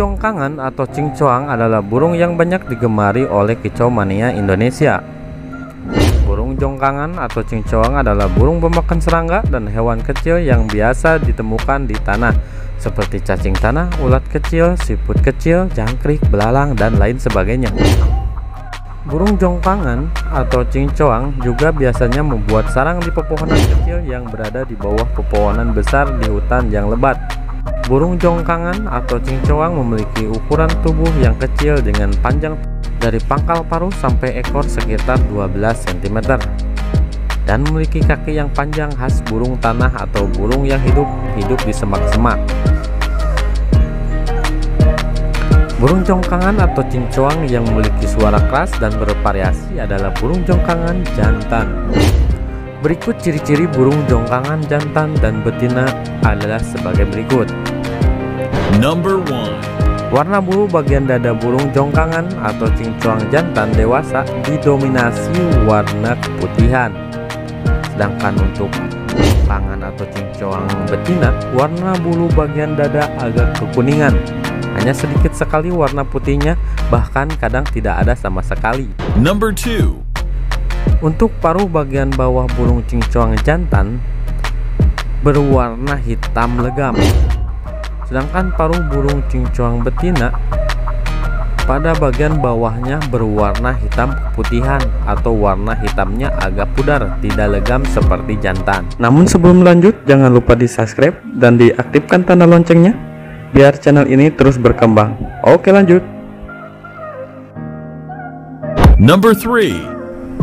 Jongkangan atau cincoang adalah burung yang banyak digemari oleh kicau mania Indonesia. Burung jongkangan atau cincoang adalah burung pemakan serangga dan hewan kecil yang biasa ditemukan di tanah seperti cacing tanah, ulat kecil, siput kecil, jangkrik, belalang, dan lain sebagainya. Burung jongkangan atau cincoang juga biasanya membuat sarang di pepohonan kecil yang berada di bawah pepohonan besar di hutan yang lebat. Burung jongkangan atau cincoang memiliki ukuran tubuh yang kecil dengan panjang dari pangkal paruh sampai ekor sekitar 12 cm dan memiliki kaki yang panjang khas burung tanah atau burung yang hidup hidup di semak-semak. Burung jongkangan atau cincoang yang memiliki suara keras dan bervariasi adalah burung jongkangan jantan. Berikut ciri-ciri burung jongkangan jantan dan betina adalah sebagai berikut. Number one. Warna bulu bagian dada burung jongkangan atau cincuang jantan dewasa didominasi warna keputihan. Sedangkan untuk tangan atau cincuang betina, warna bulu bagian dada agak kekuningan. Hanya sedikit sekali warna putihnya, bahkan kadang tidak ada sama sekali. Number two. Untuk paruh bagian bawah burung cincuang jantan berwarna hitam legam Sedangkan paruh burung cincuang betina pada bagian bawahnya berwarna hitam keputihan atau warna hitamnya agak pudar, tidak legam seperti jantan. Namun sebelum lanjut, jangan lupa di subscribe dan diaktifkan tanda loncengnya biar channel ini terus berkembang. Oke lanjut. Number three.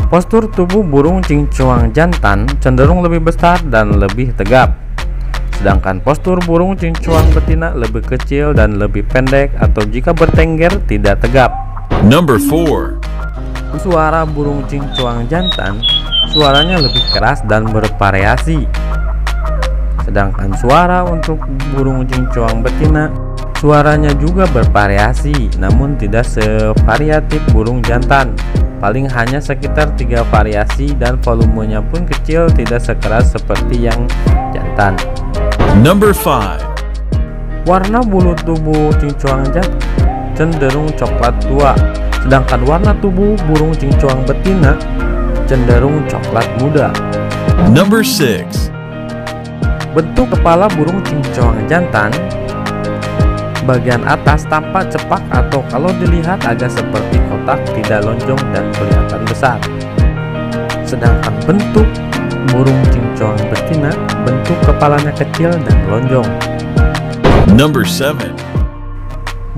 Postur tubuh burung cincuang jantan cenderung lebih besar dan lebih tegap Sedangkan postur burung cincuang betina lebih kecil dan lebih pendek atau jika bertengger tidak tegap. Number 4. Suara burung cincuang jantan suaranya lebih keras dan bervariasi. Sedangkan suara untuk burung cincuang betina suaranya juga bervariasi namun tidak sevariatif burung jantan paling hanya sekitar tiga variasi dan volumenya pun kecil tidak sekeras seperti yang jantan Number 5 Warna bulu tubuh cincuang jat cenderung coklat tua, sedangkan warna tubuh burung cincuang betina cenderung coklat muda. Number 6 Bentuk kepala burung cincuang jantan bagian atas tampak cepak atau kalau dilihat agak seperti kotak tidak lonjong dan kelihatan besar. Sedangkan bentuk burung cincong betina bentuk kepalanya kecil dan lonjong. Number 7.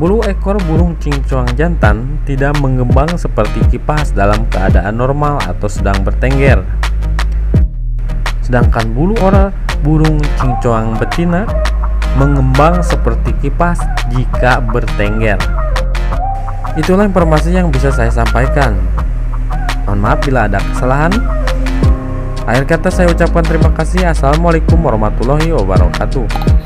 Bulu ekor burung cincong jantan tidak mengembang seperti kipas dalam keadaan normal atau sedang bertengger. Sedangkan bulu oral burung cincong betina mengembang seperti kipas jika bertengger. Itulah informasi yang bisa saya sampaikan. Mohon maaf bila ada kesalahan. Akhir kata saya ucapkan terima kasih. Assalamualaikum warahmatullahi wabarakatuh.